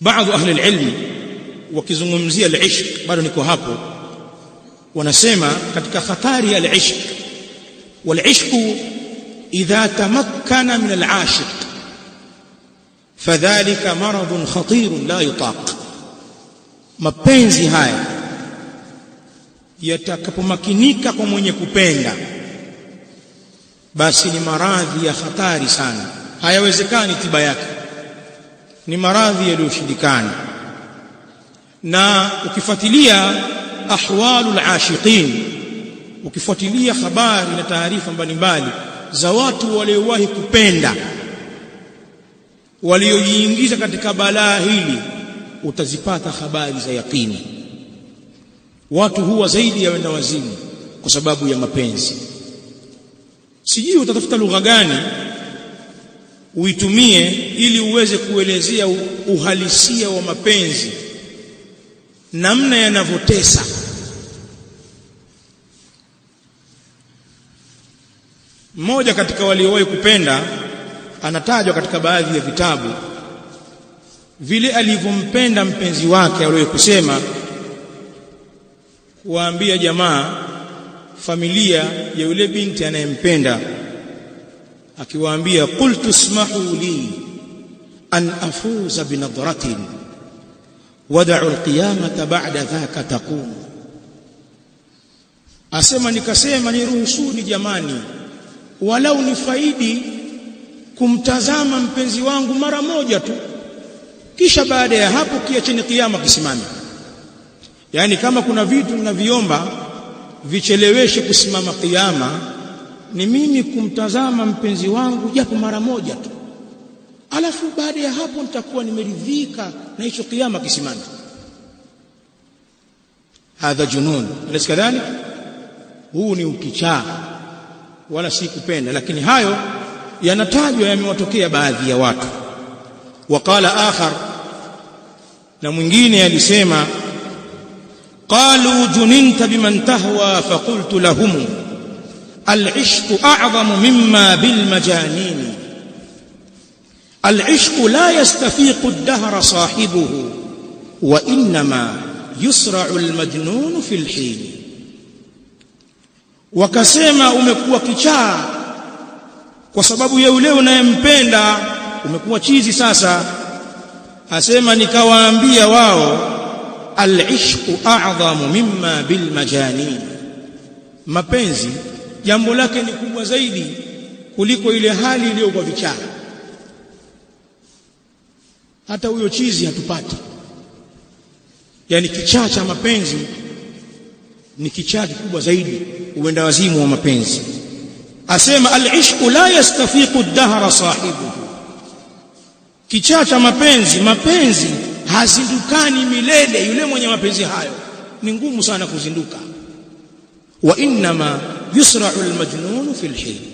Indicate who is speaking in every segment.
Speaker 1: baadhi ahli alilmi wakizungumzia alishq, bado niko hapo, wanasema katika khatari ya alishq, walishqu idha tamakkana min alashiq fadhalika maradun khatirun la yutaq, mapenzi haya yatakapomakinika kwa mwenye kupenda basi ni maradhi ya hatari sana, hayawezekani tiba yake ni maradhi yaliyoshindikana, na ukifuatilia ahwalul ashiqin, ukifuatilia habari na taarifa mbalimbali za watu waliowahi kupenda waliojiingiza katika balaa hili, utazipata habari za yaqini Watu huwa zaidi ya wenda wazimu kwa sababu ya mapenzi. Sijui utatafuta lugha gani uitumie ili uweze kuelezea uhalisia wa mapenzi, namna yanavyotesa. Mmoja katika waliowahi kupenda anatajwa katika baadhi ya vitabu vile alivyompenda mpenzi wake, aliwahi kusema kuwaambia jamaa, familia ya yule binti anayempenda akiwaambia qultu smahu li an afuza binadratin wadau alqiyamata ba'da dhaka taqum, asema nikasema, niruhusuni jamani, walau nifaidi kumtazama mpenzi wangu mara moja tu, kisha baada ya hapo kiacheni kiyama kisimame. Yaani kama kuna vitu mnaviomba vicheleweshe kusimama kiyama ni mimi kumtazama mpenzi wangu japo mara moja tu, alafu baada ya hapo nitakuwa nimeridhika na hicho kiama kisimani. Hadha junun, alaysa kadhalik? Huu ni ukichaa, wala si kupenda, lakini hayo yanatajwa yamewatokea baadhi ya watu. Waqala akhar, na mwingine alisema qalu juninta biman tahwa faqultu lahum alishqu a'zamu mimma bilmajanini alishqu la yastafiqu ad-dahra sahibuhu wa innama yusra'u almajnun fi alhin wakasema umekuwa kichaa kwa sababu ya yule unayempenda umekuwa chizi sasa asema nikawaambia wao alishqu a'zamu mimma bilmajanin mapenzi jambo lake ni kubwa zaidi kuliko ile hali iliyo kwa vichana. Hata huyo chizi hatupati, yaani kichaa cha mapenzi ni kichaa kikubwa zaidi, uenda wazimu wa mapenzi. Asema alishqu la yastafiqu dahra sahibuhu, kichaa cha mapenzi, mapenzi hazindukani milele. Yule mwenye mapenzi hayo ni ngumu sana kuzinduka. wa innama yusrau almajnun fi lhilm,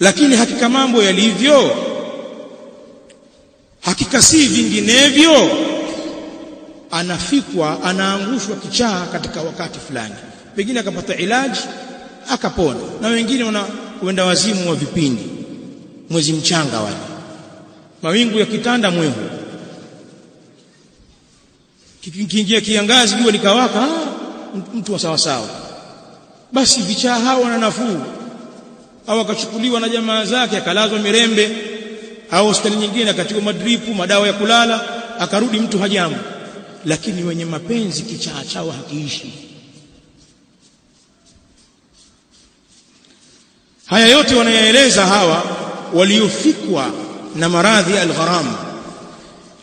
Speaker 1: lakini hakika mambo yalivyo, hakika si vinginevyo, anafikwa anaangushwa kichaa katika wakati fulani, pengine akapata ilaji akapona. Na wengine wana huenda wazimu wa vipindi, mwezi mchanga wale, mawingu ya kitanda mwevu kiingia kiangazi, jua likawaka, ah, mtu wa sawasawa basi vichaa hao na nafuu, au akachukuliwa na jamaa zake akalazwa Mirembe au hospitali nyingine, akatiwa madripu madawa ya kulala, akarudi mtu hajamu. Lakini wenye mapenzi kichaa chao hakiishi. Haya yote wanayaeleza hawa waliofikwa na maradhi ya algharam,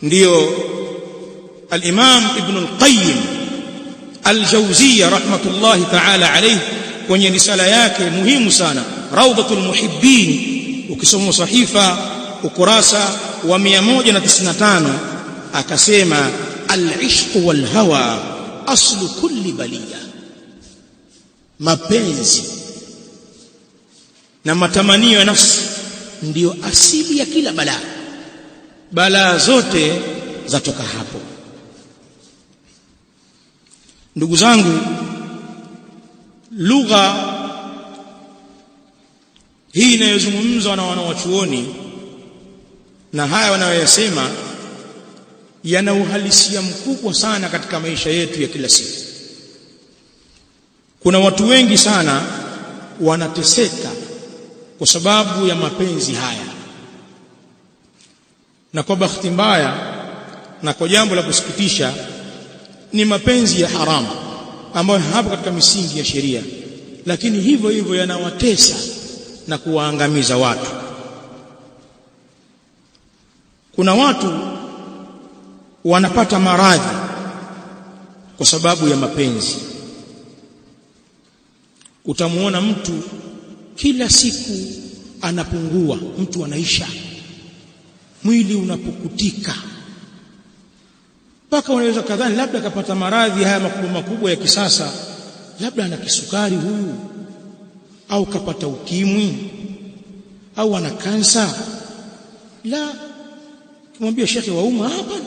Speaker 1: ndiyo Alimam Ibn Alqayim Aljawziya rahmatullahi ta'ala alayhi kwenye risala yake muhimu sana Rawdatul Muhibbin, ukisoma sahifa ukurasa wa 195 akasema al-ishq wal hawa aslu kulli baliya, mapenzi na matamanio ya nafsi ndiyo asili ya kila balaa. Balaa zote zatoka hapo, ndugu zangu lugha hii inayozungumzwa na wanawachuoni na haya wanayoyasema yana uhalisia mkubwa sana katika maisha yetu ya kila siku. Kuna watu wengi sana wanateseka kwa sababu ya mapenzi haya, na kwa bahati mbaya na kwa jambo la kusikitisha, ni mapenzi ya haramu ambayo hapo katika misingi ya sheria, lakini hivyo hivyo yanawatesa na kuwaangamiza watu. Kuna watu wanapata maradhi kwa sababu ya mapenzi. Utamwona mtu kila siku anapungua, mtu anaisha, mwili unapukutika mpaka unaweza kadhani labda kapata maradhi haya makubwa makubwa ya kisasa, labda ana kisukari huyu, au kapata ukimwi, au ana kansa. La, kimwambia shekhe wauma, hapana,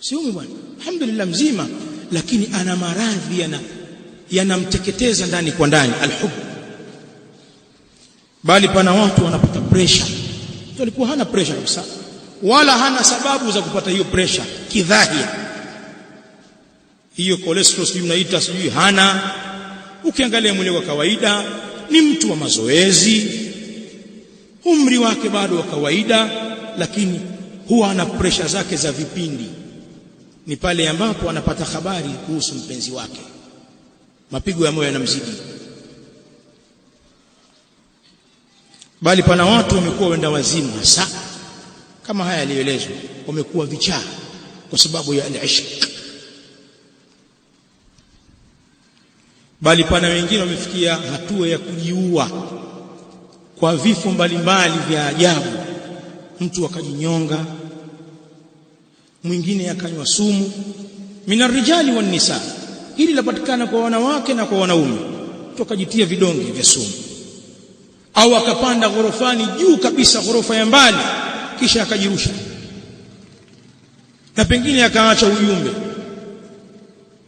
Speaker 1: siumi bwana, alhamdulillah mzima, lakini ana maradhi yana yanamteketeza ndani kwa ndani, alhub. Bali pana watu wanapata pressure, alikuwa hana pressure kabisa wala hana sababu za kupata hiyo pressure kidhahia, hiyo cholesterol sijui mnaita sijui hana. Ukiangalia mwili wa kawaida, ni mtu wa mazoezi, umri wake bado wa kawaida, lakini huwa ana pressure zake za vipindi. Ni pale ambapo anapata habari kuhusu mpenzi wake, mapigo ya moyo yanamzidi bali pana watu wamekuwa wenda wazimu hasa kama haya yaliyoelezwa, wamekuwa vichaa kwa sababu ya al-ishq, bali pana wengine wamefikia hatua ya kujiua kwa vifo mbalimbali vya ajabu. Mtu akajinyonga, mwingine akanywa sumu. Minarijali wan nisa, hili linapatikana kwa wanawake na kwa wanaume. Mtu akajitia vidonge vya sumu, au akapanda ghorofani juu kabisa, ghorofa ya mbali kisha akajirusha na pengine akaacha ujumbe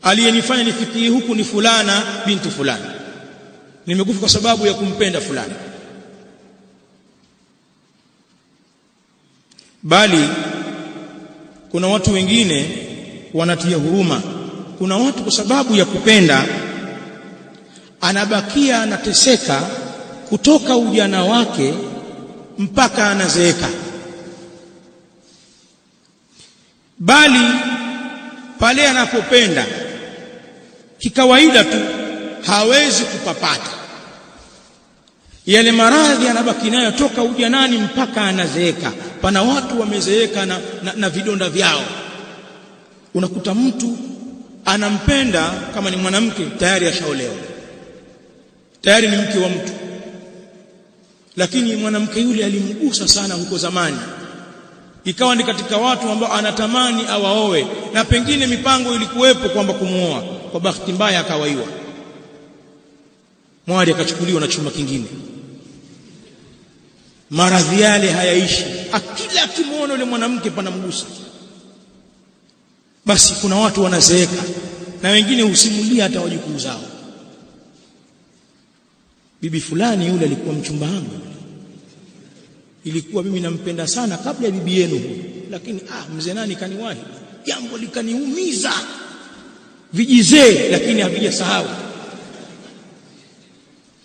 Speaker 1: aliyenifanya nifikie huku ni fulana bintu fulani nimekufa kwa sababu ya kumpenda fulani bali kuna watu wengine wanatia huruma kuna watu kwa sababu ya kupenda anabakia anateseka kutoka ujana wake mpaka anazeeka bali pale anapopenda kikawaida tu hawezi kupapata yale maradhi anabaki nayo toka ujanani mpaka anazeeka. Pana watu wamezeeka na, na, na vidonda vyao. Unakuta mtu anampenda kama ni mwanamke tayari ashaolewa, tayari ni mke wa mtu, lakini mwanamke yule alimgusa sana huko zamani ikawa ni katika watu ambao anatamani awaoe, na pengine mipango ilikuwepo kwamba kumuoa, kwa bahati mbaya akawaiwa, mwali akachukuliwa na chuma kingine. Maradhi yale hayaishi, akila akimwona yule mwanamke panamgusa. Basi kuna watu wanazeeka, na wengine husimulia hata wajukuu zao, bibi fulani yule alikuwa mchumba wangu ilikuwa mimi nampenda sana kabla ya bibi yenu, lakini ah, mzee nani kaniwahi, jambo likaniumiza vijizee, lakini havija sahau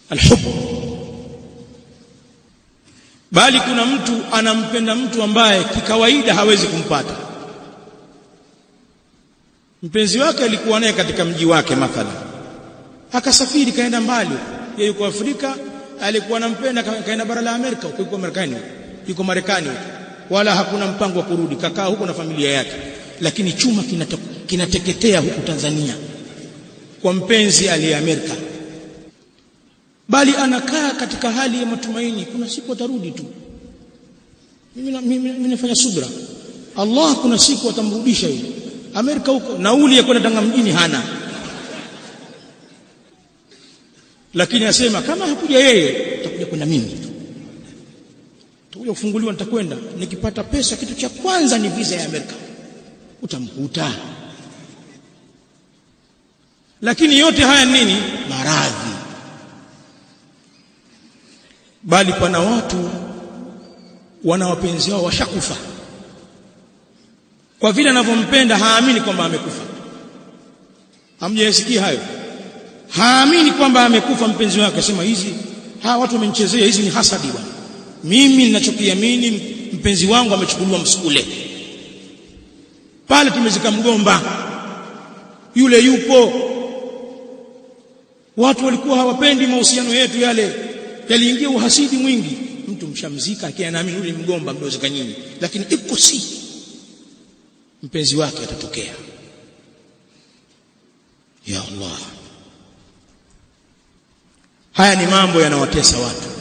Speaker 1: alhubu. Bali kuna mtu anampenda mtu ambaye kikawaida hawezi kumpata. Mpenzi wake alikuwa naye katika mji wake mathalan, akasafiri kaenda mbali, yeye yuko Afrika alikuwa anampenda kaenda bara la Amerika huko yuko Marekani yuko Marekani wala hakuna mpango wa kurudi kakaa huko na familia yake lakini chuma kinateketea huku Tanzania kwa mpenzi aliye Amerika bali anakaa katika hali ya matumaini kuna siku atarudi tu mimi nafanya subra Allah kuna siku atamrudisha yule Amerika huko nauli ya kwenda Tanga mjini hana lakini anasema kama hakuja yeye tutakuja kwenda mimi tu, tutakuja kufunguliwa, nitakwenda. Nikipata pesa, kitu cha kwanza ni visa ya Amerika, utamkuta. Lakini yote haya nini? Maradhi. Bali pana watu wana wapenzi wao washakufa, kwa vile anavyompenda haamini kwamba amekufa. Hamjasikia hayo? haamini kwamba amekufa mpenzi wake, akasema hizi hawa watu wamenichezea, hizi ni hasadi bwana. Mimi ninachokiamini mpenzi wangu amechukuliwa msukule. Pale tumezika mgomba, yule yupo. Watu walikuwa hawapendi mahusiano yetu, yale yaliingia uhasidi mwingi. Mtu mshamzika akiwa naamini yule mgomba mliozika nyinyi, lakini iko si mpenzi wake atatokea. Ya Allah haya ni mambo yanawatesa watu